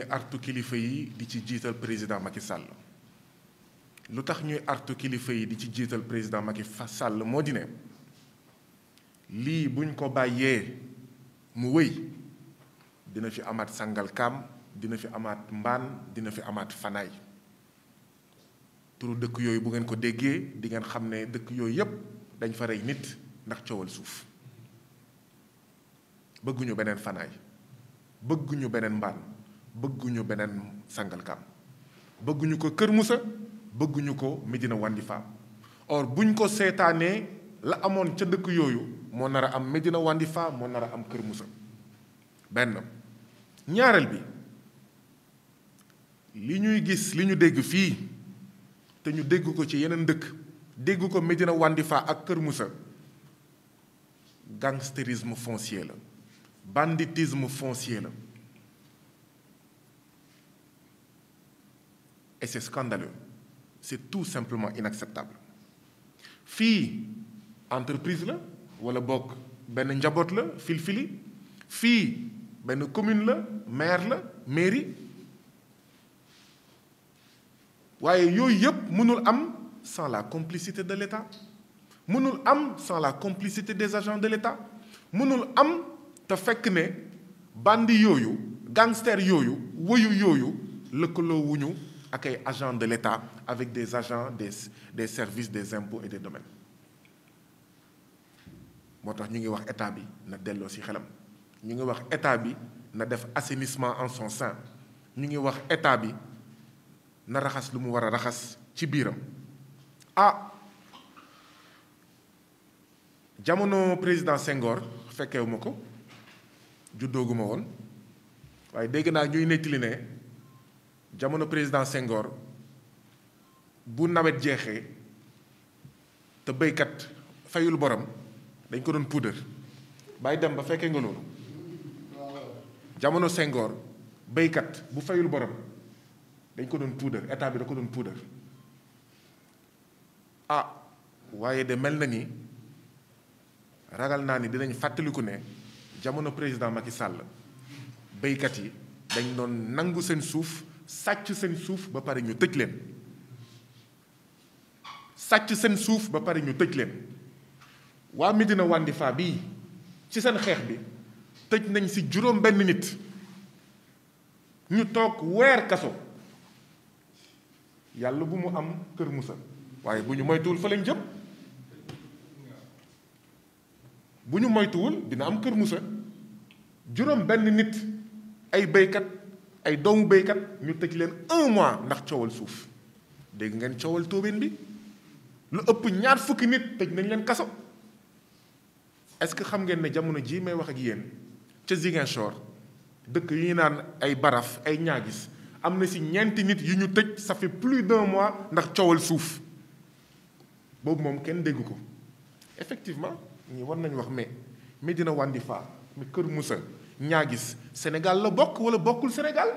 ñuy artu kilifa yi di ci jiital président Macky Sall lu tax ñuy artu kilifa yi di ci jiital président Macky Sall moo di ne lii buñ ko bàyyee mu wéy dina fi amaat Sangalkam dina fi amaat Mbaan dina fi amaat Fanaay turu dëkk yooyu bu ngeen ko déggee di ngeen xam ne dëkk yooyu yépp dañ fa rey nit ndax coowal suuf bëgguñu beneen Fanaay bëgguñu beneen Mbaan bëgguñu beneen Sangalkam bëgguñu ko Kër Moussa bëgguñu ko Medina Wandifa or buñ ko seetaanee la amoon ca dëkk yooyu moo nar a am Medina Wandifa moo nar a am Kër Moussa benn ñaareel bi li ñuy gis li ñu dégg fii te ñu dégg ko ci yeneen dëkk dégg ko Medina Wandifa ak Kër Moussa gangstérisme foncier la banditisme foncier la et c'est scandaleux c'est tout simplement inacceptable fii entreprise la wala bokk benn njaboot la filfili fii benn commune la maire la mairie waaye yooyu yëpp mënul am sans la complicité de l'État mënul am sans la complicité des agents de l'État mënul am te fekk ne bandi yooyu gangster yooyu woyu yooyu lëkkaloo wuñu accueille agents de l'État avec des agents des des services des impôts et des domaines moo tax ñu ngi wax état bi na delloo ci xelam ñu ngi wax état bi na def assainissement en son sein ñu ngi wax état bi na raxas lu mu war a raxas ci biiram ah jamono président Senghor fekkewu ma ko juddooguma woon waaye dégg naa ñuy nettali ne jamono président sengoor bu nawet jeexee te béykat fayul borom dañ ko doon puudar bàyyi dem ba fekkee nga loolu jamono sengoor béykat bu fayul borom dañ ko doon puudar état bi da ko doon puudar ah waaye de mel na ni ragal naa ni dinañ fàttaliku ne jamono président Macky Sall béykat yi dañ doon nangu seen suuf sàcc seen suuf ba pare ñu tëj leen sàcc seen suuf ba pare ñu tëj leen waa Médina Wandifa bii ci seen xeex bi tëj nañ si juróom benn nit ñu toog weer kaso yàlla bu mu am Kër Moussa waaye bu ñu moytuwul fa lañ jëm bu ñu moytuwul dina am Kër musa juróom benn nit ay béykat ay doomu béykat ñu tëj leen un mois ndax coowal suuf dégg ngeen coowal tóobeen bi lu ëpp ñaar fukki nit tëj nañ leen kaso est-ce que xam ngeen ne jamono jii may wax ak yéen ca Ziguinchor dëkk yu naan ay baraf ay ñaagis am na si ñeenti nit yu ñu tëj ça fait plus d'un mois ndax coowal suuf boobu moom kenn dégg ko effectivement ñi war nañ wax mais Médina Wandifa mi Kër Moussa ñaa gis Sénégal la bokk wala bokkul Sénégal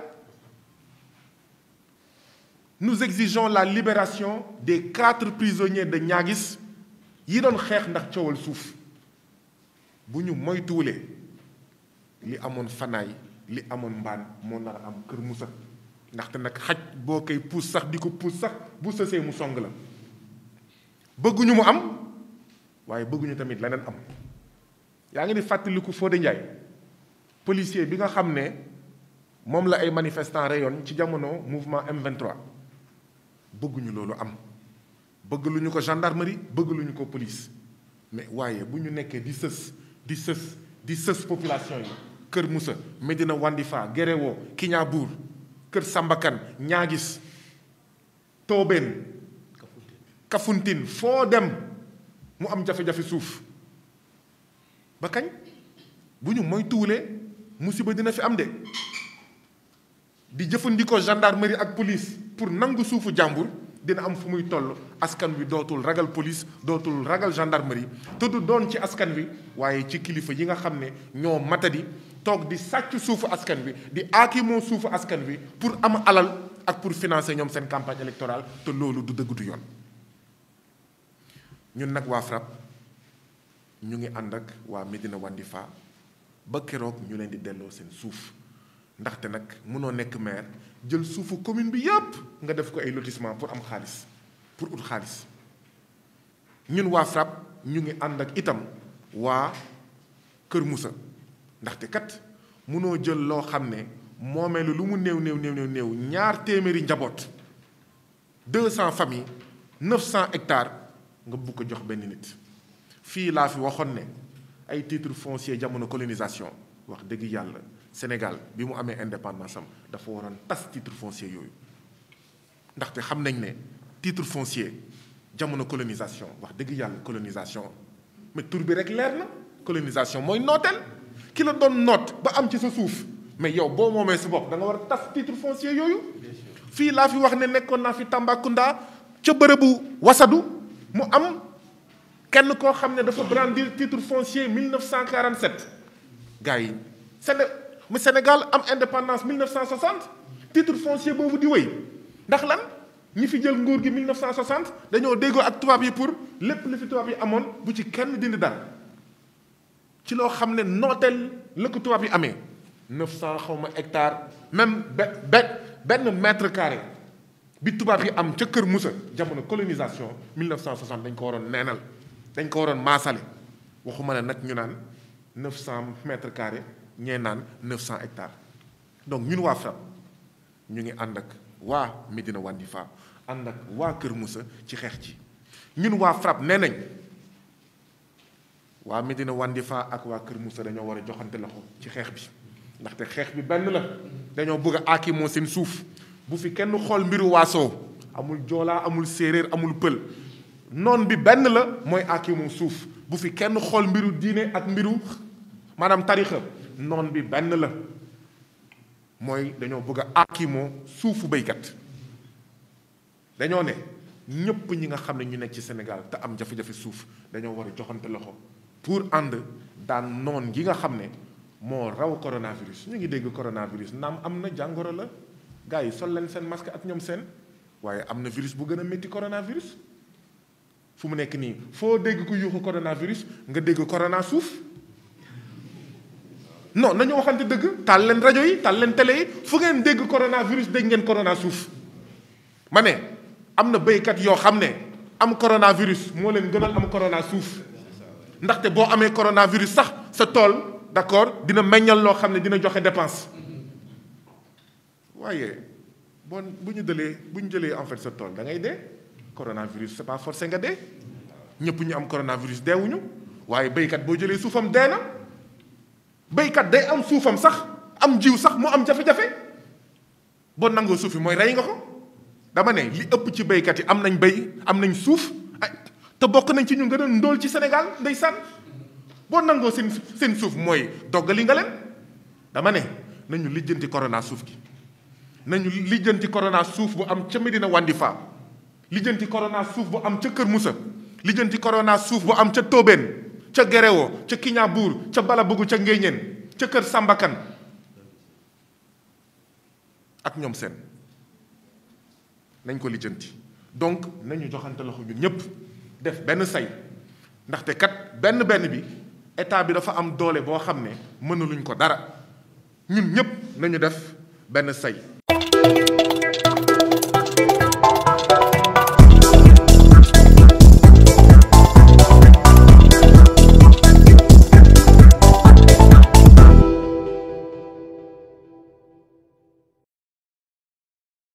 nous exigeons la libération des quatre prisonniers de gis yi doon xeex ndax coowal suuf bu ñu moytuwulee li amoon fanaay li amoon mbaan moo na a am kër Moussa ndaxte nag xaj boo koy puus sax di ko puus sax bu sësee mu song la bëgguñu mu am waaye bëgguñu tamit leneen am yaa ngi di fàttaliku Fodé Ndiaye policier bi nga xam ne moom la ay manifestants rayoon ci jamono mouvement m bëgguñu loolu am bëgg lu ñu ko gendarmerie bëgg lu ñu ko police mais waaye bu ñu nekkee di sës di sës di sës population yi Kër Moussa Medina Wandifa Guéréwoo Kiñaabuur Kër sàmbakan Ñaagis Toobeen Kafountine foo dem mu am jafe-jafe suuf ba kañ bu ñu moytuwulee musiba dina fi am de di jëfandikoo gendarmerie ak police pour nangu suufu jàmbur dina am fu muy toll askan wi dootul ragal police dootul ragal gendarmerie te du doon ci askan wi waaye ci kilifa yi nga xam ne ñoo matadi toog di sàcc suufu askan wi di aakimoo suufu askan wi pour am alal ak pour financer ñoom seen campagne électorale te loolu du dëgg yoon. ñu nag waa FRAPP ñu ngi ànd ak waa Medina Wandifa ba keroog ñu leen di delloo seen suuf ndaxte nag mënoo nekk maire jël suufu commune bi yépp nga def ko ay lotissement pour am xaalis pour ut xaalis ñun waa SRAB ñu ngi ànd ak itam waa Kër musa ndaxte kat mënoo jël loo xam ne moo mel moomeelu lu mu néew néew néew néew ñaar téeméeri njaboot deux cent familles neuf cent hectares nga bugg jox benn nit fii laa fi waxoon ne ay titre foncier jamono colonisation wax dëgg yàlla Sénégal bi mu amee indépendance am dafa waroon tas titre foncier yooyu ndaxte xam nañ ne titre foncier jamono colonisation wax dëgg yàlla colonisation mais tur bi rek leer na colonisation mooy nooteel ki la doon noot ba am ci sa suuf mais yow boo moomee si bopp da war a tas titre foncier yooyu fii laa fi wax ne nekkoon naa fi Tambacounda ca bërëbu wasadu mu am kenn koo xam ne dafa brandir titre foncier 1947 gars yi Séné mu Sénégal am indépendance 1960 titre foncier boobu di wéy ndax lan ñi fi jël nguur gi 1960 dañoo déggoo ak tubaab yi pour lépp li fi tubaab yi amoon bu ci kenn dindi dara ci loo xam ne nooteel la ko tubaab yi amee 900 xaw ma même benn mètre carré bi tubaab yi am ca Kër Moussa jamono colonisation 1960 dañ ko waroon neenal. dañ ko waroon maasale waxuma ne nag ñu naan neuf cent mètres carrés ñee naan neuf cent hectares donc ñun waa FRAPP ñu ngi ànd ak waa Médina Wandifa ànd ak waa Kër Moussa ci xeex ci ñun waa FRAPP nee nañ waa Médina Wandifa ak waa Kër Moussa dañoo war a joxante loxo ci xeex bi ndaxte xeex bi benn la dañoo bëgg a aaki seen suuf bu fi kenn xool mbiru waaso amul joolaa amul séeréer amul pël noon bi benn la mooy aakimu suuf bu fi kenn xool mbiru diine ak mbiru maanaam tarixa noon bi benn la mooy dañoo bëgg a aakimoo suufu béykat dañoo ne ñëpp ñi nga xam ne ñu nekk ci senegal te am jafe-jafe suuf dañoo war a joxante loxo pour ànd daan noon yi nga xam ne moo raw coronavirus ñu ngi dégg coronavirus naam am na jàngoro la gars yi sol leen seen masque ak ñoom seen waaye am na virus bu gën a métti coronavirus. fu mu nekk nii foo dégg ku yuuxu coronavirus nga dégg corona suuf non nañu waxante dëgg taal leen rajo yi taal leen télé yi fu ngeen dégg coronavirus dégg ngeen corona suuf ma ne am na béykat yoo xam ne am coronavirus moo leen gënal am corona suuf ndaxte boo amee coronavirus sax sa tool d'accord dina meññal loo xam ne dina joxe dépense waaye bon bu ñu dëlee bu ñu jëlee en fait sa tool da ngay dee coronavirus c'est pas forcé nga dee ñëpp ñu am coronavirus deewuñu waaye béykat boo jëlee suufam dee na béykat day am suufam sax am jiw sax mu am jafe-jafe boo nangoo suuf yi mooy rey nga ko dama ne li ëpp ci béykat yi am nañ béy am nañ suuf te bokk nañ ci ñu gën a ndóol ci Sénégal ndeysaan boo nangoo seen suuf mooy doggali nga leen dama ne nañu lijjanti corona suuf gi nañu lijjanti corona suuf bu am ca Medina Wandifa lijjanti corona suuf bu am ca Kër Moussa lijjanti corona suuf bu am ca Tobène ca Guéréo ca Kignanbour ca bala bëggu ca Ngéyeen ca Kër Sambakan ak ñoom seen nañ ko lijjanti. donc nañu joxante loxo ñun ñëpp def benn say ndaxte kat benn benn bi état bi dafa am doole boo xam ne mënuluñ ko dara ñun ñëpp nañu def benn say.